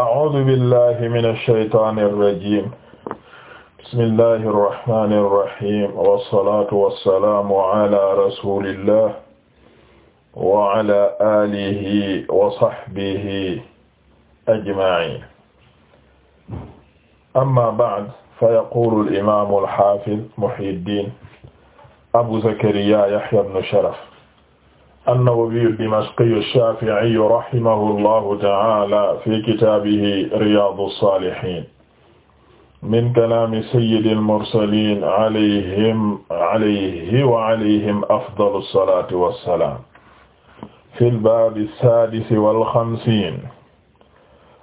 a'uuzu billahi mina shaytaani rajiim bismillahi rahmaani rahiim wasalaatu wasalaamu ala rasulillah wa ala aalihi wa sahbihi ajma'iin amma ba'd fa yaquulu al-imaamu al-haafiz Muhyiddin Abu Zakariyaa Yahyaa ibn Sharaf an-Nawawi ad-Dimashqi ash-Shafi'i rahimahu llahu ta'ala fi kitaabihi Riyaadu s-Saalihiin min kalaami sayyidil mursaliin alayhim alayhi wa alayhim afdalu s-salaati wa s-salaam fil baabi s-saadisi wal xamsiin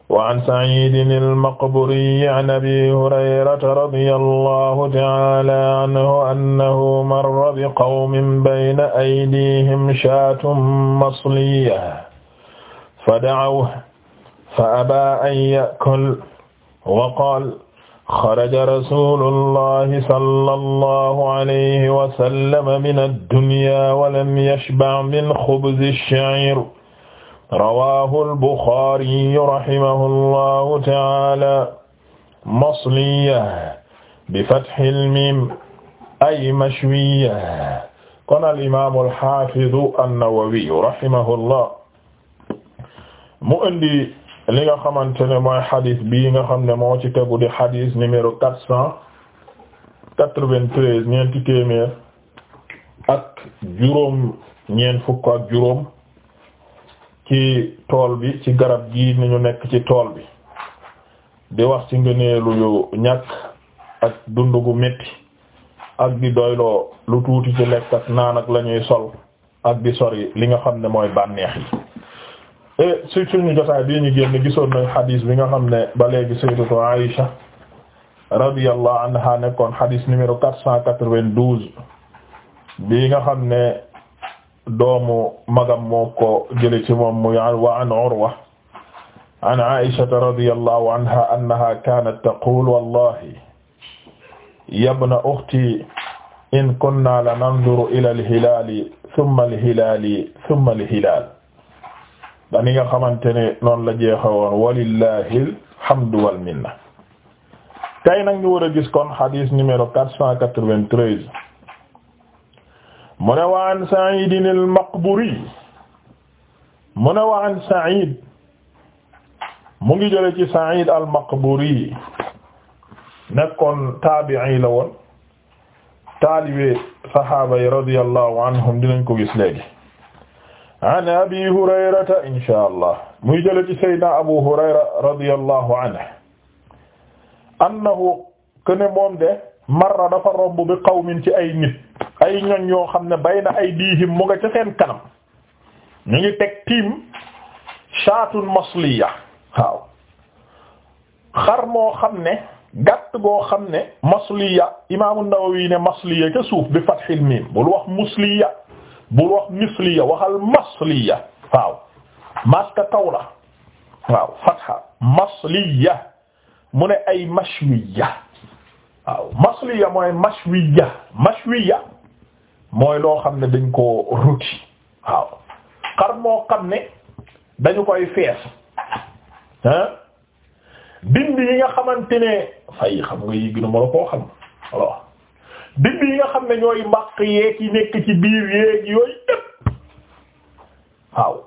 wa an Saciidin al-Maqburi an Abii Hurayrata radiyallaahu ta'aalaa anhu annahu marra bi qawmin bayna aydiihim shaatun masliyatun fada'awhu fa-abaa an ya'kula wa qaala xaraja rasuulullaahi sallallaahu alayhi wa sallam mina ad-dunyaa wa lam yashba' min xubzi ash-sha'iir rawaahu al-Buxaari rahimahullahu ta'aala masliya bi fathil miim ay mashwiya kon al-imaamu al-xaafidu an-Nawawi rahimahullah mu indi li nga xamante ne mooy xadis bii nga xam ne moo ci tegu di xadis numéro quatre cent quatre-vingt-treize ñeenti téeméer ak juróom ñeent fukk ak juróom. ci tool bi ci garab gi ni nekk ci tool bi di wax ci ngëneelu ñu ñàkk ak dund gu metti ak di doyloo lu tuuti ci lekk ak naan ak la ñuy sol ak di sori li nga xam ne mooy bànneex yi e, ci suñu jotaay bii ñu génn gisoon nañ xadis bi nga xam ne ba léegi sayyidatu Aïsha radiyallahu anha nekkoon xadis numéro quatre cent quatre-vingt-douze bi nga xam ne doomu magam moo ko jële ci moom muy wa an Urwa an Aïshata radiyallahu anha annaha kanat taqul wallahi yabna ukhti in kunna lananzuru ila alhilali thumma alhilali thumma alhilal dani nga xamante ne noonu la jeexawoon walillahi alhamdu wal minna tey nag ñu war a gis kon hadith numéro 493 mu ne wa an Sa'id mu ne wa ngi jële ci Sa'id al-Maqburi nekkoon taabi'i la woon taalibe sahaaba yi radiyallahu anhum dinañ ko gis léegi an Abi Hurayrata inshaa Allah muy jële ci Sayyidina Abu Hurayra radiyallahu anhu annahu kaana moom de marra dafa romb qawmin ci ay nit ay ñoñ yoo xam ne bay na ay diihim mu nga ca seen kanam ñu ngi teg tiim shaatun masliya waaw xar moo xam ne gàtt boo xam ne masliya imaamu Nawawi ne masliya ca suuf bi fathil miim bul wax musliya bul wax misliya waxal masliya waaw maska kaw masliya ne ay mashwiya waaw masliya mooy loo xam ne dañ koo ruti waaw xar moo xam ne dañu koy fees ah dindi yi nga xamante ne fay xam nga yi gënu ma koo xam yi nga xam ne ñooy mbaq yeeg yi nekk ci biir yeeg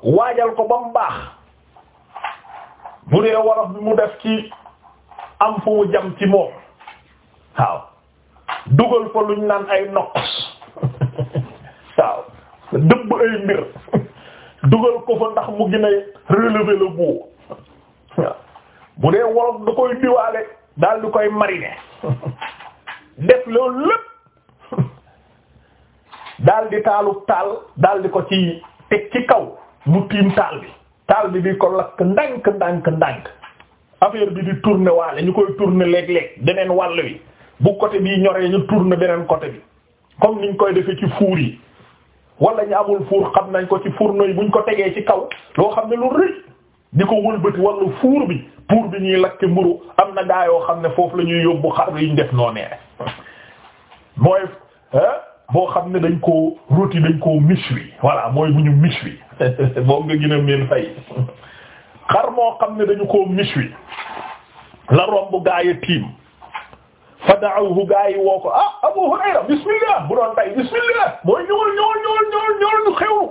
waajal ko ba mu baax bu dee wolof bi mu def ci am fu jam ci moom waaw dugal ko luñ naan ay noqos waaw dëbb ay mbir dugal ko fa ndax mu gina a relever le bout waaw bu dee wolof da koy diwaale daal di koy mariner def loolu lépp daal di taalu taal daal di ko ci teg ci kaw mu tiim taal bi taal bi bi ko lakk ndànk ndànk ndànk affaire bi di tourner waale ñu koy tourner léeg-léeg deneen wàll wi bu côté bii ñoree ñu tourner beneen côté bi comme niñ koy defee ci fuur yi wala ñu amul four xam nañ ko ci fourneau yi buñ ko tegee ci kaw loo xam ne lu rëy di ko wëlbati wala fuur bi pour bi ñuy lakke mburu am na gaa yoo xam ne foofu la ñuy yóbbu xar yi ñu def noo nee mooy boo xam ne dañ koo rôti dañ koo méchoui voilà mooy bu ñu méchoui moom nga gën a fay xar moo xam ne dañu koo méchoui la romb gaa yi tiim. fa da'awhu gaa yi woo ko ah Abu Hurayra bismillah bu doon tay bismillah mooy ñëwal ñëwal ñëwal ñëwal ñëwal ñu xewlu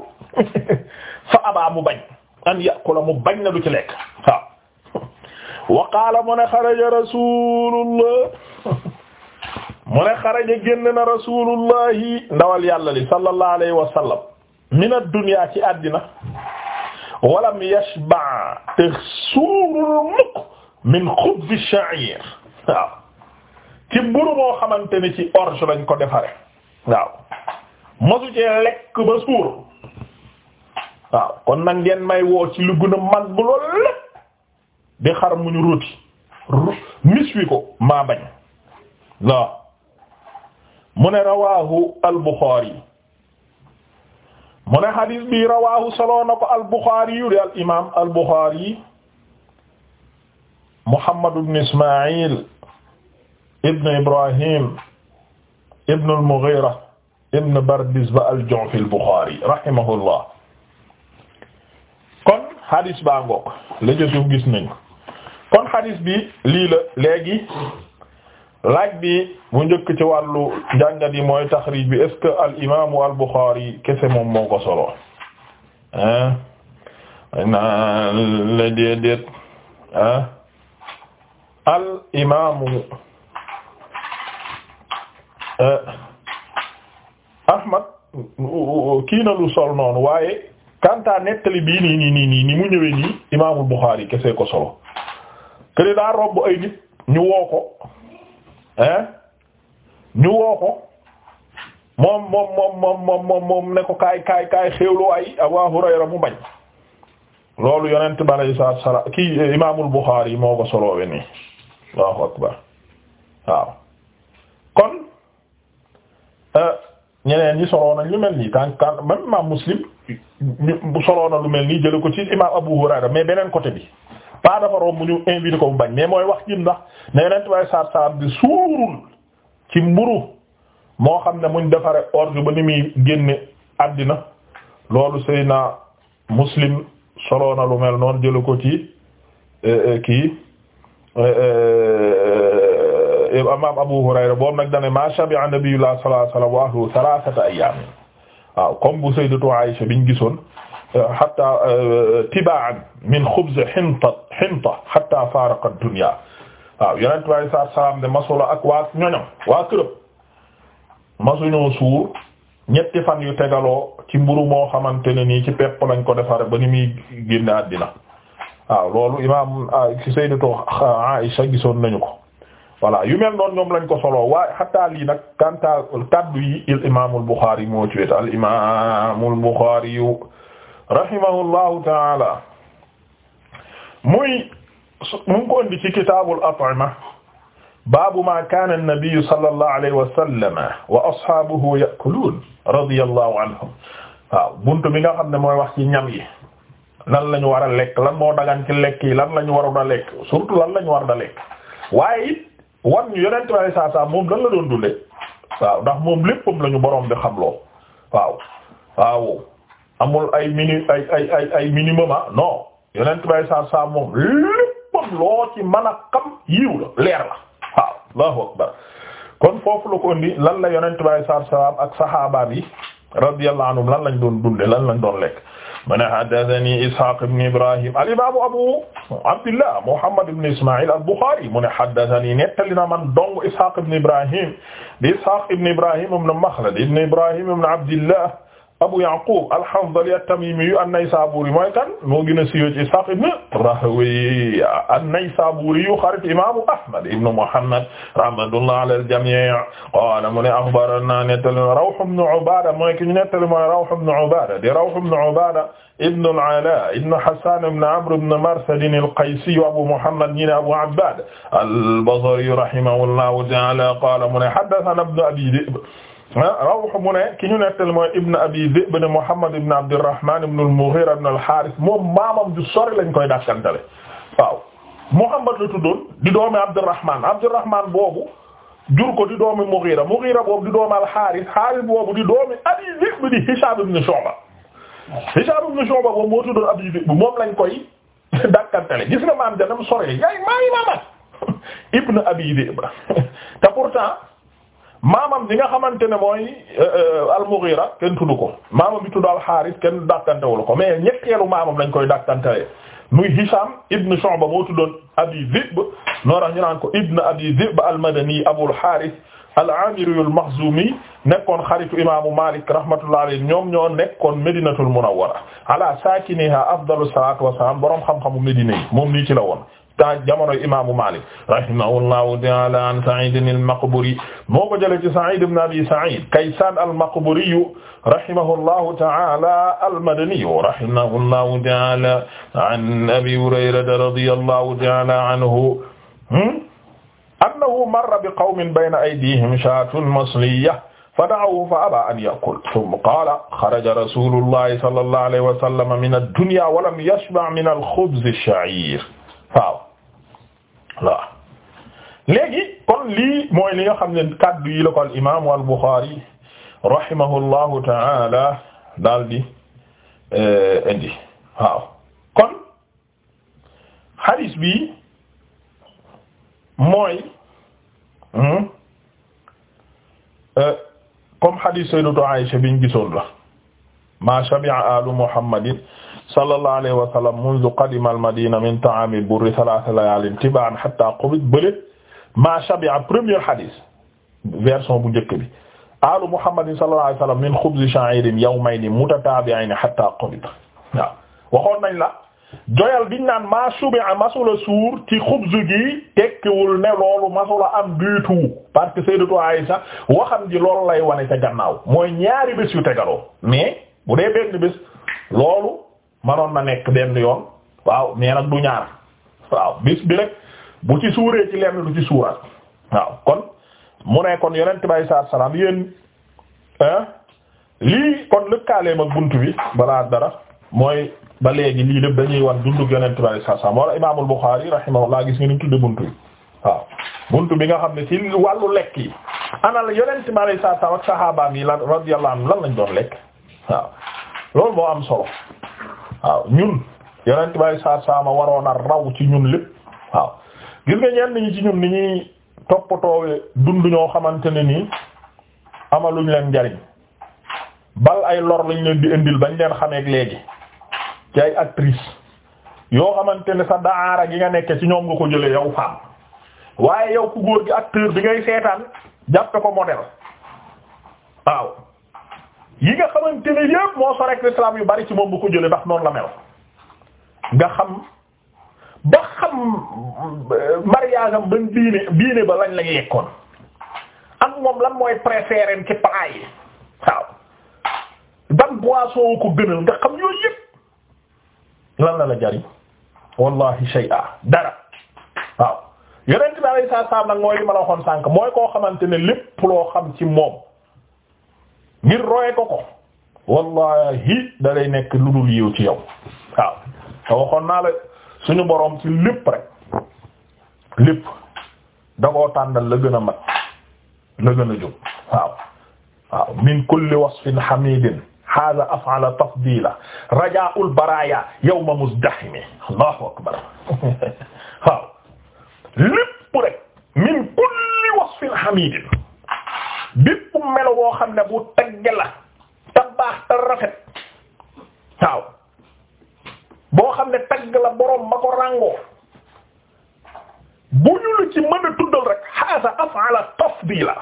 fa abaa mu bañ an ya'kula mu bañ na du ci lekk waaw wa qaala mu ne xaraja rasulullah mu ne xaraja génn na rasulullahi ndawal yàlla li sallallahu alayhi wa sallam min ad-dunya ci àddina walam yashba te suurul mukk min xubzi sha'ir waaw ci mburu moo xamante ni ci orge lañ ko defare waaw masu lekk ba suur waaw kon nag ngeen may woo ci lu gën a bu loolu lépp di xar mu ñu ruuti mis wi ko maa bañ waaw mu ne rawaahu al-Bukhari mu ne xadiis bi rawaahu soloo na ko al-Bukhari yu di al imaam al-Bukhari Muhammad ibn Ismaïl ibn Ibrahim ibn al-Mughira ibn ba al-Ju'fi al-Bukhari rahimahullah kon hadis baa ngoog la ca gis nañ kon hadis bi lii la léegi laaj bi mu njëkk ci wàllu njàngat yi mooy taxrij bi est-ce que al imaamu al Bukhari kese moom moo ko solo ah naa la al imaamu. Euh, Ahmad kii na lu sol noonu waaye kanta nettali bii nii nii nii nii ni mu ñëwee nii imaamul Buxaari kese ko solo këri daa robb ay nit ñu woo ko ñu woo moom moom moom moom moom moom ne ko kaay kaay kaay xewlu ay Abu Hurayra mu bañ loolu yonent bi alayhi salaatu salaam kii eh, imaamul Buxaari moo ko soloowe nii Allahu akbar waaw kon Euh, ñeneen ñi soloon lu mel nii kan kan même imam Muslim ñu soloon na lu mel nii jële ko ci imam Abu Hurayra mais beneen côté bi pas dafa romb ñu invité ko mu bañ mais mooy wax jim ndax ne yonent way saat salam bi suurul ci mburu moo xam ne muñ defare orge ba ni muy génne àddina loolu na Muslim soloon lu mel noonu jële ko ci euh, euh, kii imaam Abu Hurayra boobu nag dane ma shabi'a nabiyullah sallallahu alayhi wa sallam wa ahluhu thalathata ayyam waaw comme bu sayyidatu Aisha biñ gisoon hatta euh, tiba'an min khubz hinta hinta hatta faraqa ad-dunya waaw yonent bi alayhi salaatu wa salaam de masula ak waa ñoñom waa kërëb masuñoo suur ñetti fan yu tegaloo ci mburu moo xamante ne nii ci pepp lañ ko defare ba ni muy génne àddina waaw loolu imaam ah, ci sayyidatu Aisha gisoon nañu ko voilà yu mel noonu ñoom lañ ko solo waaye xataa lii nag kanta kaddu yi il imaamul Buxaari moo ci wet al imaamul Buxaari yu rahimahullahu taala muy mu ngi ko indi ci kitaabul at'ima baabu maa kaana an-nabiyyu sallallahu alayhi wa wa ashaabuhu ya'kuluun radiyallahu anhum waaw buntu bi nga xam ne mooy wax ci ñam yi lan war a lekk lan moo dagan ci lekk yi lan la ñu war a lekk surtout lan lañu ñu war waaye wan ñu yonent bi saa saa moom lan la doon dundee waaw ndax moom léppam la ñu borom bi xamloo waaw waaw amul ay mini ay ay ay ay minimum ah. non yonent bi saa saa moom léppam loo ci mën a xam yiw la leer la waaw allahu akbar kon foofu la ko indi lan la yonent bi saa saa ak saxaabaam yi radiyallahu anhum lan lañ doon dundee lan lañ doon lekk. mu ne haddathani Ishaq ibn Ibrahim al-imam Abu Abdillah Muhammad ibn Isma'il al-Bukhari mu ne haddathani nettali na man dong Ishaq ibn Ibrahim di Ishaq ibn Ibrahim ibn Makhlad ibn Ibrahim ibn Abdillah Abu Yaqub al-Hanzali at-Tamimi an-Naysaburi mooy kan moo gën a siiwee ci Ishaq ibn Rahawayh an-Naysaburi yu xarit imaamu Ahmad ibn Muhammad rahmatullah ala al-jami' qaala mu ne akhbarana nettali Rawh ibn Ubada mooy ki ñu nettali mooy Rawh ibn Ubada di Rawh ibn Ubada ibn al-Ala ibn Hasan ibn Amr ibn Marsad al-Qaysi Abu Muhammad ñi ne Abu Abbad al-Basri rahimahullahu ta'ala qaala mu ne haddathana ibn Abi Dhi'b Ah, rawx mu ne ki ñu nettal mooy ibn abi Dhi'b ibn Muhammad ibn Abdurrahman ibn al-Mughira ibn al-Harith moom maamam ju lañ koy dàkkantale waaw Muhammad la tuddoon di doomi Abdurrahman Abdurrahman boobu jur ko di doomi Mughira Mughira boobu di doomi al-Harith Harith boobu di doomi abi Dhi'b di Hisham ibn Shu'ba Hisham ibn Shu'ba boobu moo tuddoon abi Dhi'b moom lañ koy dàkkantale gis nga maam janam sori yaay maa ngi maamaat ibn abi Dhi'b te pourtant maamam bi nga xamante ne mooy euh, euh, al-Mughira kenn tudd ko maamam bi tudd al-Harith kenn dàkkantewul ko mais ñetteelu maamam lañ koy dàkkantelee muy Hisham ibn Shu'ba moo tuddoon Abi Dhib noo tax ñu naan ko ibn Abi Dhib al-Madani Abul Harith al-Amiri al-Makhzumi nekkoon xaritu imaamu Malik rahmatullahi alayhi ñoom ñoo nekkoon Madinatul Munawwara ala saakiniha afdalu salaatu wa salaam borom xam-xamu Medina yi moom nii ci la woon. temps jamono imaamu Maalik rahimahullahu ta'ala an Sa'id al-Maqburi moo ko jëlee ci Sa'id ibn Abi Sa'id Kaysan al-Maqburi rahimahullahu ta'ala al-Madani rahimahullahu ta'ala an Abi Hurayrata radiyallahu ta'ala anhu hmm, annahu marra bi qawmin bayna aydihim shaatun masliyya fada'awhu fa abaa an ya'kul thumma qaala xaraja rasuulullahi sallallahu alayhi wa sallam min ad-dunya wa lam yashba' min al-khubzi ash-sha'iir waaw waaw léegi kon lii mooy li nga xam ne kaddu yi la ko al imaam al Buxaari rahimahullahu taala daal di eh, indi waaw kon hadis bi mooy hmm, eh, comme hadis sayyidatu Aisha biñ gisoon la ma shabi'a alu Muhammadin sallallahu alayhi wa sallam mundu qadima al-Madina min ta'aami burri salaasa layaalin tibaa'an hattaa qubida bële maa shabi'a premier hadith version bu njëkk bi aalu Muhammadin sallallahu alayhi wa sallam min xubzi sha'iirin yawmayni mutataabi'ayni hattaa qubida waaw waxoon nañ la joyal biñ naan maa shubi'a masula suur ci xubzu gi tekkiwul ne loolu masula am du tout parce que Sayyidatu Aïsha waxam ji loolu lay wane ca gannaaw mooy ñaari bés yu tegaloo mais bu dee benn bés loolu manoon na nekk benn yoon waaw mais nag du ñaar waaw bis bi rek bu ci suuree ci lenn du ci suuraat waaw kon mu ne kon yonent bi saa salaam yéen lii kon lëkkaaleem ak bunt bi balaa dara mooy ba léegi lii lépp dañuy wan dundug yonent bi saa salaam wala Imaamul Buxaari rahimahullah gis nga ni mu tudde bunt bi waaw bunt bi nga xam ne ci wàllu lekk yi ana la yonent bi saa salaam ak saxaabaam yi lan radiyallahu anhum lan lañ doon lekk waaw loolu moo am solo. waaw ñun yonent bay saa saama waroon a raw ci ñun lépp waaw gis nga ñenn ñi ci ñun ni ñuy toppatoowe dund ñoo xamante ne nii amaluñ leen njariñ bal ay lor lañ leen di indil bañ leen xameek léegi ci ay actrice yoo xamante ne sa daara gi nga nekk ci ñoom nga ko jëlee yow faam waaye yow ku gi acteur bi ngay seetaan jàppe ko modèle waaw yi nga xamante ne yépp moo so rek l'islam yu bari ci moom bu ko jëlee ndax noonu la mel nga xam ba xam euh, mariage am ban diine ba lañ lañ lekkoon ak moom lan mooy préféré ci plat yi waaw ban boisson ko gënal nga xam yooyu yépp lan la la jariñ wallahi shay'a nag mooy li ma la waxoon sànk mooy koo xamante ne lépp loo xam ci moom ngir roye ko ko wallahi da lay nekk lu dul yiw ci yow waaw te waxoon naa la suñu boroom ci lépp rek lépp da koo tàndal la gën a mat la gën a jóg waaw waaw min kulli wasfin hamidin hada af'ala tafdila raja'ul baraya yawma muzdahimi allahu akbar waaw lépp rek min kulli wasfin hamidin bépp melo woo xam ne bu tagge la tabaax baax rafet waaw boo xam ne tagg la boroom ma ko ràngoo bu ñu lu ci mën a tuddal rek haasa af'ala tafdila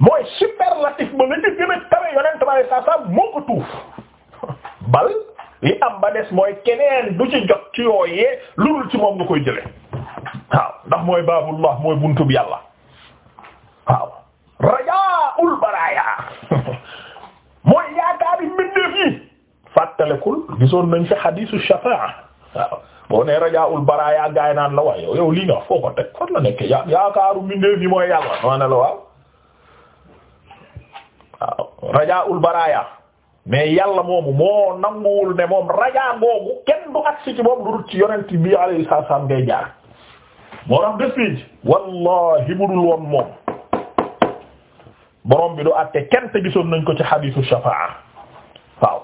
mooy superlatif ba la ñu gën a tawe yonent moo ko tuuf bal li am ba des mooy keneen du ci jot ci yooyee lu ci moom nga koy jële waaw ndax mooy baabullah mooy buntub yàlla rajaa'ul baraaya mooy yaakaari mbindeef yi fàttalekul gisoon nañ fi hadiisu shafaa waaw boo nee baraaya gaay la waaye yow lii nga foo ko teg fan la nekk ya yaakaaru mooy yàlla noo ne waaw waaw rajaa'ul baraaya mais yàlla moomu moo nanguwul ne moom rajaa googu kenn du agsi ci moom lu dul ci yonent bi salaam ngay jaar moo tax des bi wallahi budul woon moom borom bi du àtte kenn te gisoon nañ ko ci xadiisu shafaa waaw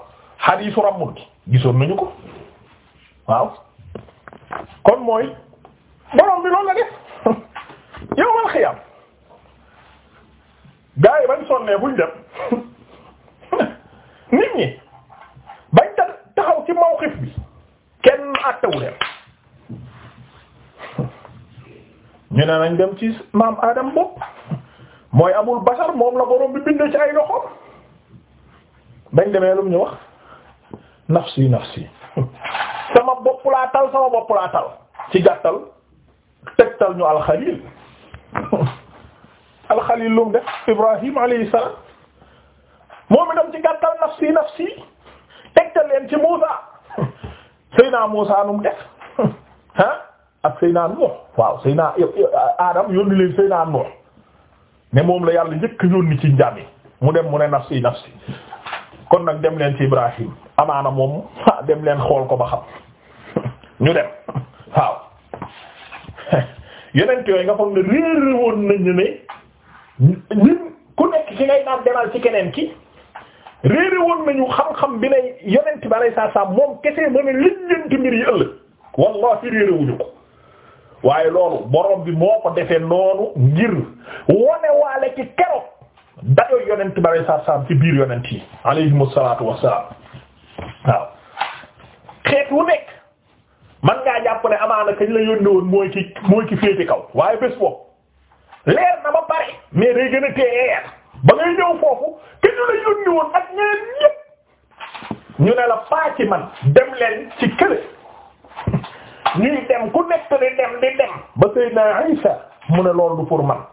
xadiisu rammul gi gisoon nañu ko waaw kon mooy borom bi loolu la def yowmal xiyam gaa yi bañ sonnee buñ dem nit ñi bañ taxaw ci mawqif bi kenn àttewu leen ñu ne nañ dem ci maam Adam bopp mooy amul basar moom la borom bi bind ci ay loxo bañ demee lu ñu wax nafsi nafsi sama bopp sama bopp ci gàttal tegtal ñu alxalil alxalil lu mu def Ibrahim alayhi salaam moom itam ci gàttal nafsi nafsi tegtal leen ci Muusa Seyna Muusa nu mu def ah ak Seyna Nuux waaw Seyna Adam yónni leen Seyna Nuux ne moom la yàlla njëkk yónni ci njàmm yi mu dem mu ne nafsi nafsi kon nag dem leen ci Ibrahim amaana moom dem leen xool ko ba xam ñu dem waaw yeneen yooyu nga foog ne réer woon nañu ne ñun ku nekk ci ngay naan demal ci keneen ki réere woon nañu xam-xam bi lay yonent bi alay saa moom kese mën a lijjanti mbir yi ëllëg wallahi réere wuñu ko waaye loolu borom bi moo ko defee noonu ngir wone waale ci keroog dayoo yonent bare sarsam ci biir yonent yi alayhimu salaatu wassalaam waaw xeet wu nekk man ngaa jàpp ne amaana kañ la yónni woon mooy ki mooy ki féete kaw waaye bés boobu leer na ba pare mais day gën a teer ba ngay ñëw foofu kañ la yónni woon ak ñeneen ñépp ñu ne la paa ci man dem leen ci kële ñuy dem ku nekk di dem di dem ba mu ne loolu pour man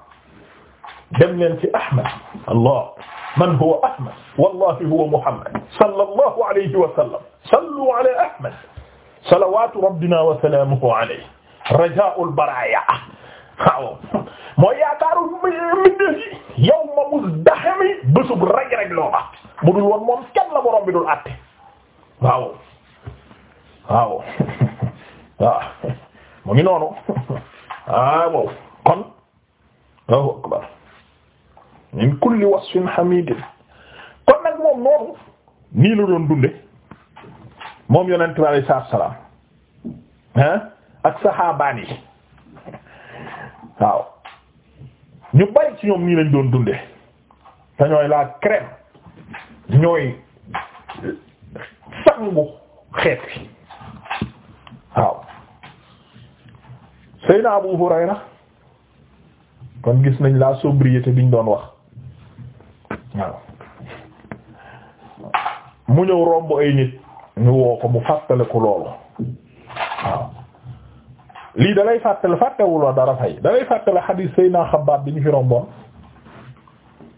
dem leen ci Ahmad Allah man huwa Ahmad wallahi huwa Muhammad sallallahu alayhi wa sallam sallu ala Ahmad salawatu rabbina wa salamuhu alayhi raja'ul mooy yaakaaru mbindeef yi yawma muzdahami bésub raj-raj looba bu dul woon moom kenn la borom bi dul àtte waaw waaw waaw mu ngi noonu ah wow kon min kulli wasfin hamidin kon nag moom noonu nii la doon dunde moom yonent bi alayhi salaatu salaam ah ak saxaabaan yi waaw ñu bari ci ñoom nii lañ doon dunde te ñooy la crème ñooy sangu xeet waaw Seyna Abu Hurayra kon gis nañ la sobriété biñ doon wax waaw mu ñëw romb ay nit ñu woo ko mu fàttale ko loolu waaw lii dalay fàttale fàttewuloo dara fay dalay fàttale xadiis Seyna Xabbaab bi ñu fi romboon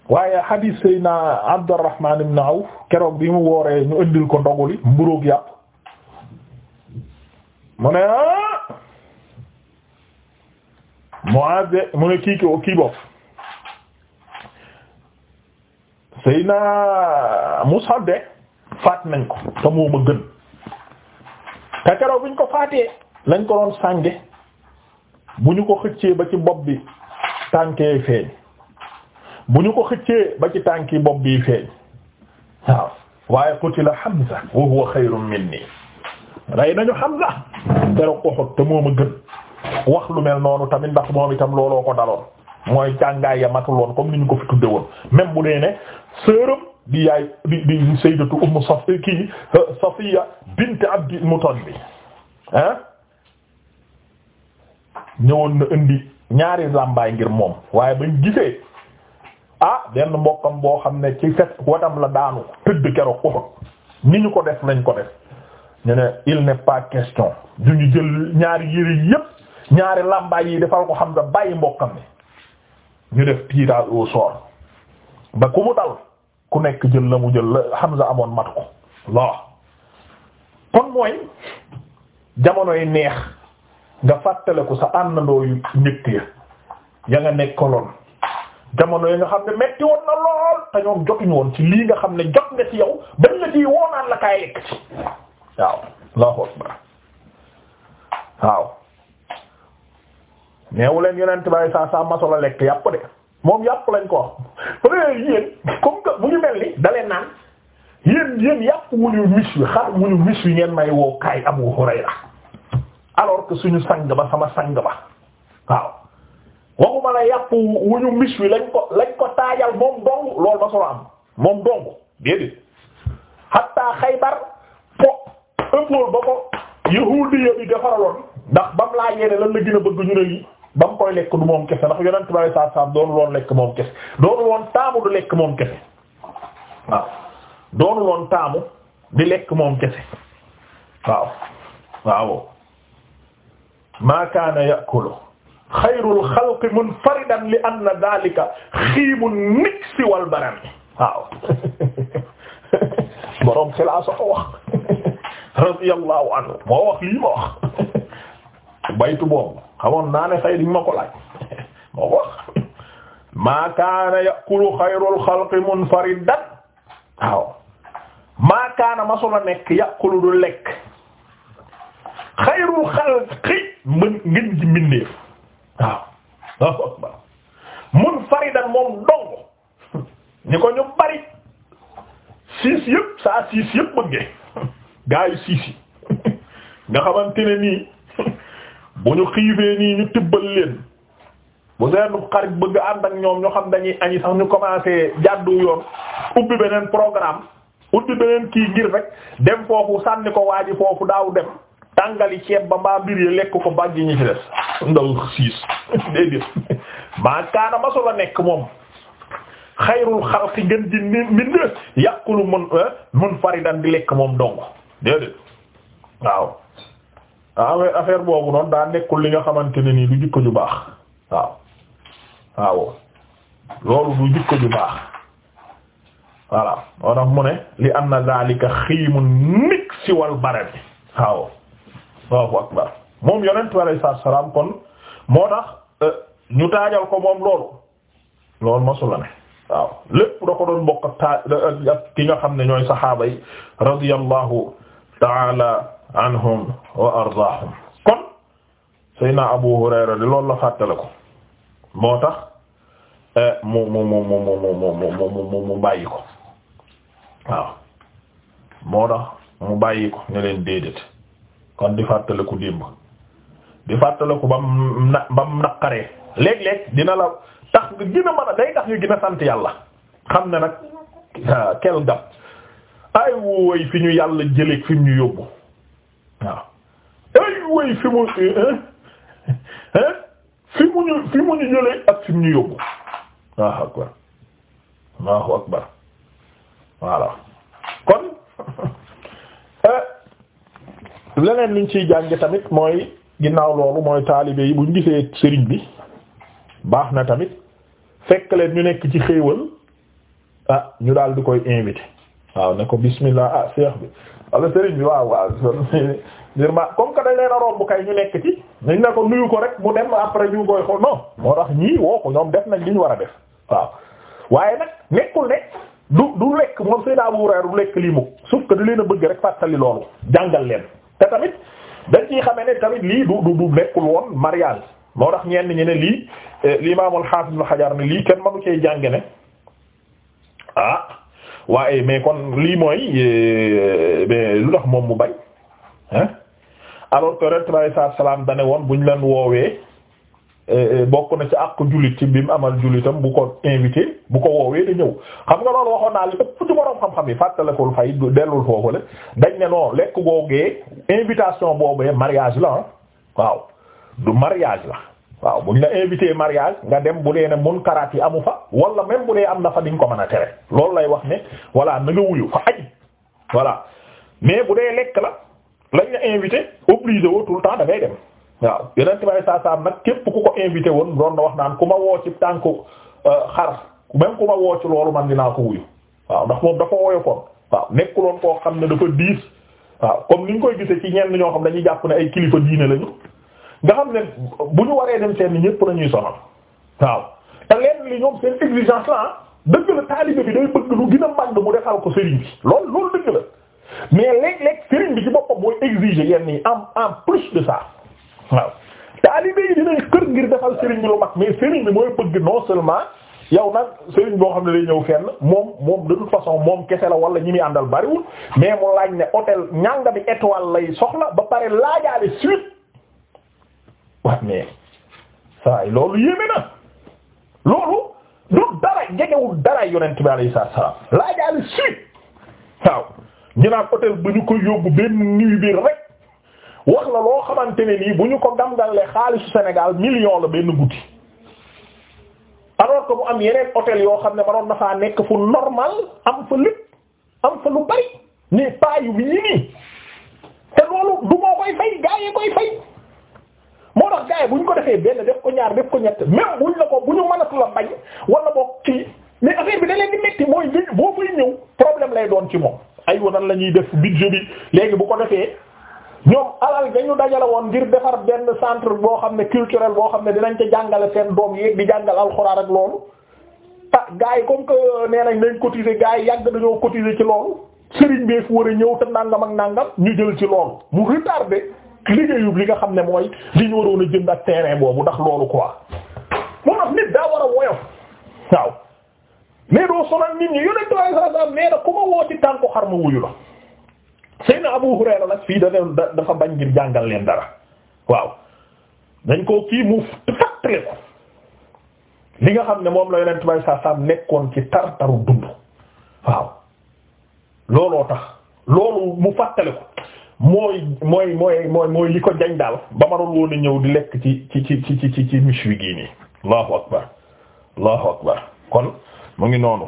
waaye xadiis Seyna Abdurrahman ibn Awf keroog bi mu wooree ñu ëndil ko ndoguli mburoog yàpp mu ne ah! Muaaz mu ne kii kii bopp Seydina mu de faat nañ ko te ma gën te keroog buñ ko faate lañ ko doon sànge bu ñu ko xëccee ba ci bopp bi feeñ bu ñu ko xëccee ba ci tànki bopp bi feeñ waaw waaye qutila Hamza wa huwa xayrun minni rey nañu Hamza keroog Uhud te moom a gën wax lu mel noonu tamit ndax moom itam looloo ko daloon mooy càngaay ya matul woon comme ni ñu ko fi tudde woon même bu dee ne sërëm di yaay di di sayyidatu Ummu Safiya kii euh, Safiya bint Abdil Muttalib ah ñëwoon na indi ñaari làmbaay ngir moom waaye bañ gisee ah benn mbokkam boo xam ne ci fet watam la daanu tëdd keroog Uhud ni ñu ko def lañ ko def ñu ne il n'est pas question du ñu jël ñaari yére yépp ñaari làmbaay yi defal ko xam nga bàyyi mbokkam ni ñu def tirage au sort ba ku mu dal ku nekk jël la mu jël la Hamza amoon mat ko loo kon mooy jamonoy neex nga fàttaliku sa àndandoo yu ya ya nga nekkaloon jamono yi nga xam ne metti woon na lool te ñoom jotuñu woon ci lii nga xam ne jot nga ci yow bañ la ci woonaan la kaay lekk ci waaw Allahu akbar waaw neewu leen yonent bay saa saa masola lekk yàpp de moom yàpp lañ ko wax pare yéen comme que mu ngi mel ni daleen naan yéen yéen yàpp wuñu mis wi xar wuñu mis wi ngeen may woo kaay Abu Hurayra alors que suñu sang ba sama sang ba waaw waxuma la yàpp wuñu mis wi lañ ko lañ ko taajal moom dong loolu ma solo am moom dong déedéet hatta Xaybar po symbole ba ko yahudiya bi defaraloon ndax bam laa yéene lan la gën a bëgg ñu ne lii ba mu koy lekk du moom kese ndax yonent bi saa saa doonu loon lekk moom kese doonu loon taamu du lekk moom kese waaw di lekk moom kese waaw waaw maa kaana yakulu xayrul xalqi munfaridan li anna daalika xiimu niksi wal waaw boroom xilaa soo wax radiyallahu anhu moo wax lii ma wax baytu boobu xamoon naa ne fay di ma ko laaj moo wax maa kaana yaqulu xayrul xalqi munfaridan waaw maa kaana ma sula nekk yaqulu du lekk xayrul xalqi mën ngeen mbindeef waaw munfaridan moom dong ni ko ñu bari siis yëpp saa siis yëpp bëggee gaa yu siis yi nga xamante nii bu ñu xiifee nii ñu tibbal leen bu seen xarit bëgg ànd ak ñoom ñu xam dañuy añi sax ñu commencé jàddu yoon ubbi beneen programme ubbi beneen kii ngir rek dem foofu sànni ko waaji foofu daaw dem tàngali ceeb ba mbaa mbir yi lekk ko bàjj ñi ci des ndaw siis déedéet maa kaana ma solo nekk moom xayrul xalqi gën ji mi mi mun eh, mun faridan di lekk moom dong déedéet waaw waaw affaire boobu doon daa nekkul li nga xamante ne nii du jikko ju baax waaw waaw loolu du jikko ju baax voilà moo tax mu ne li anna zalika xiimun niksi wal barab bi alayhi salaatu salaam kon euh, ko moom loolu loolu waaw lépp da ko doon bokk ak ki nga xam ne ñooy saxaaba yi taala anhum wa ardaahum kon Seydina Abu Hurayra di loolu la fàttale ko moo tax mu mu mu mu mu mu mu mu mu bàyyi ko waaw moo tax mu bàyyi ko ne leen déedéet kon di fàttaliku démb di fàttaliku ba mu na ba dina la tax nga gën day tax nga gën sant yàlla xam na nag kel gab ay wooy fi ñu yàlla jëleeg fi mu ñu yóbbu waaw ay wooy fi mu eh, eh, eh, fi mu ñu fi ñu jëlee ak fi ñu yóbbu Allahu akbar Allahu akbar voilà kon leneen liñ ciy jànge tamit mooy ginnaaw loolu mooy taalibe yi buñ gisee sëriñ bi baax na tamit fekk leen ñu nekk ci xéewal ah ñu daal di koy invité waaw ne ko bismillah ah seex bi wala sëriñ bi waaw waaw ngir ma comme que dañ leen a romb kay ñu nekk ci nañ ne ko nuyu ko rek mu dem après ñu koy xool moo tax ñii woo ko ñoom def nañ li ñu war a def waaw waaye nag nekkul ne du du lekk moom Seydina Abu du lekk lii mukk sauf que du leen a bëgg rek fàttali loolu jàngal leen te tamit dañ ciy xamee ne tamit lii du du du nekkul woon mariage moo tax ñenn ñi ne lii eh, l'imam al-Hafiz Ibn Hajar ne lii kenn mënu cee jàng waaye mais kon lii mooy eh, mais lu tax moom mu bañ hein alors que Yonent bi alayhi salaam da ne woon bu ñu leen woowee eh, eh, bokk na ci àq julit ci bi mu amal julitam bu ko invité bu ko woowee da ñëw xam nga loolu waxoon naa li ëpp ci borom xam-xam yi fàttalikul fay dellul foofu la dañ ne non lekk googee invitation boobee mariage la ah waaw du mariage la. waaw buñ la invité mariage nga dem bu dee ne munkaraat yi amu fa wala même bu dee am na fa diñ ko man a tere loolu lay wax ne voilà na nga wuyu fa aji voilà mais bu dee lekk la lañ la invité obligé woo tout le temps da ngay dem waaw yeneen tubaab saa saa nag képp ku ko invité woon doon na wax naan ku ma woo ci tànk euh, xar même ku ma woo ci loolu man dinaa ko wuyu waaw ndax moom dafa woyofoon waaw nekkuloon koo xam ne dafa diis waaw comme niñ koy gisee ci ñenn ñoo xam dañuy jàpp ne ay kilifa diine lañu. nga xam ne bu ñu waree dem seen ñëpp la ñuy sonal waaw te leen li ñoom seen exigence la dëgg la taalibe bi day bëgg lu gën a màgg mu defal ko sëriñ bi loolu loolu dëgg la mais léeg-léeg sëriñ bi ci boppam mooy exiger yenn yi en en plus de ça waaw taalibe yi dinañ kër ngir defal sëriñ bi lu mag mais sëriñ bi mooy bëgg non seulement yow nag sëriñ boo xam ne lay ñëw fenn moom moom de toute façon moom kese la wala ñi muy àndal bariwul mais mu laaj ne hôtel ñanga bi étoile lay soxla ba pare laajaale suite. wax mais saa yi loolu yéeme na loolu du dara jegewul dara yonent bi alayhi salaam laajaale suite waaw ñu naan hôtel ba ñu koy yóbbu benn nuit bi rek wax la loo xamante ne bu ñu ko damgalee xaalisu Sénégal million la benn guddi alors que mu am yeneen hôtel yoo xam ne waroon na faa nekk fu normal am fa lépp am fa lu bari ni paa yu nii te loolu du moo koy fay gaa koy fay. moo tax gars bu ñu ko defee benn def ko ñaar def ko ñett même buñ la ko bu ñu mënatu la bañ wala boog kii mais affaire bi da leen di métti mooy bi boo fay ñëw problème lay doon ci moom ay nan la ñuy def budget bi léegi bu ko defee ñoom alal dañu dajale woon ngir defar benn centre boo xam ne culturel boo xam ne dinañ ca jàngale seen doom yi di jàngal alxuraan ak loolu ah gars yi comme que nee nañ nañ cotiser gars yi yàgg dañoo cotiser ci loolu sëriñ bi fu war a ñëw te nangam ak nangam ñu jël ci loolu mu retardé. liggéeyu li nga xam ne mooy li ñu waroon a jënd ak terrain boobu ndax loolu quoi moo tax nit daa war a woyof waaw mais doo sonal nit ñi yonent bi sallallahu nee na ku ma woo ci tànku xar ma wuyu la Seydina Abu Hurayra nag fii dafa bañ ngir jàngal leen dara waaw dañ koo kii mu fàttali ko li nga xam ne moom la yonent bi sallallahu alayhi wasallam nekkoon ci tartaru dund waaw looloo tax loolu mu fàttali ko mooy mooy mooy mooy mooy li ko jañ daal ba manul woon a ñëw di lekk ci ci ci ci ci ci miche wi gii nii allahu akbar allahu akbar kon mu ngi noonu